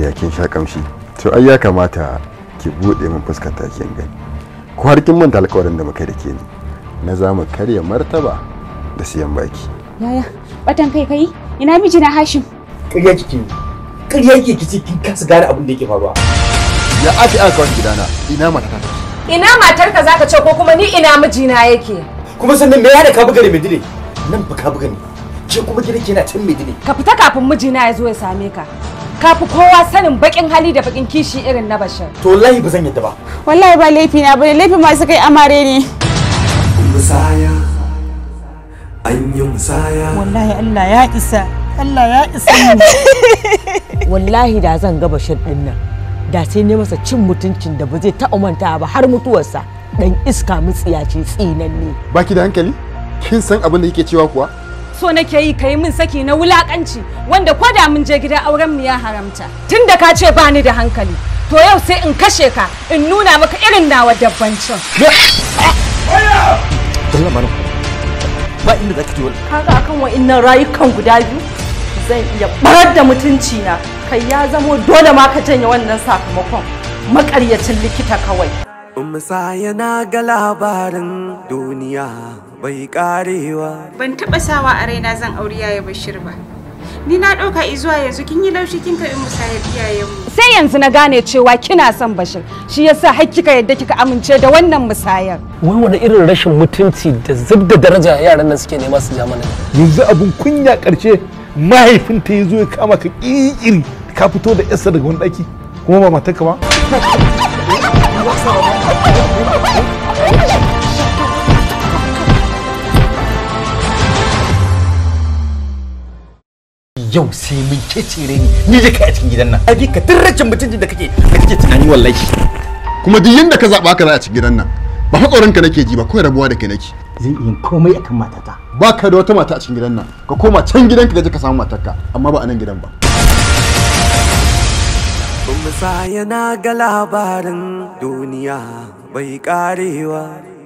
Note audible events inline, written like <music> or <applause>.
amarya kin sha kamshi to ai ya kamata ki bude min fuskar ta kin gani ko har kin manta alƙawarin da muka da ke ni na za mu karya martaba da siyan baki yaya batan kai kai ina miji na Hashim kirya kike kirya kike kici kin kasa gane abin da yake faruwa ya ake aka kawo gidana ina matar ka ina matarka zaka ce ko kuma ni ina mijina yake kuma sannan me ya da ka buga ne nan ba ka buga ne ce kuma gidan ke na can mai dine ka fita kafin mijina ya zo ya same ka fi kowa sanin bakin hali da bakin kishi irin na bashir to wallahi ba zan yadda ba wallahi ba laifi na bane ma su kai amare ne musaya an yi musaya wallahi Allah ya isa Allah ya isa <laughs> wallahi da zan ga bashir din nan da sai ne masa cin mutuncin da ba zai ta manta ba har mutuwarsa dan iska mutsiya ce tsinanne baki da hankali kin san abin da yake cewa kuwa so nake yi ka yi min saki na wulakanci wanda ko da mun je gida auren mu ya haramta tunda ka ce ba ni da hankali to yau sai in kashe ka in nuna maka irin nawa dabbancin Allah mana ba inda zaki ji wani kaga akan wa'annan rayukan guda biyu zan iya barar da mutunci na kai ya zamo dole ma ka janye wannan sakamakon makaryacin likita kawai Umsa yana ga labarin duniya bai karewa ban taba sawa a raina zan auri yaya bashir ba ni na ɗauka zuwa yanzu kin yi laushi kin karbi musayar iyayenmu sai yanzu na gane cewa kina son bashir shi yasa har kika yadda kika amince da wannan musayar wai wani irin rashin mutunci da zubda daraja yaran nan suke nema su zamanin. yanzu abun kunya karshe mahaifinta ya zo ya kama ka ƙiƙiri, ka fito da yasa daga wani daki kuma ba matarka ba <laughs> yau sai mun kecere ni ni je kai a cikin gidan nan abi ka tarrace mutunci da kake da kake tunani wallahi kuma duk yanda ka zaba ka za a cikin gidan nan ba hakorin ka nake ji ba kawai rabuwa da kai nake zan yi komai akan matata ba ka da wata mata a cikin gidan nan ka koma can gidan ka je ka samu matarka amma ba a nan gidan ba Bumsa yana ga labarin duniya bai karewa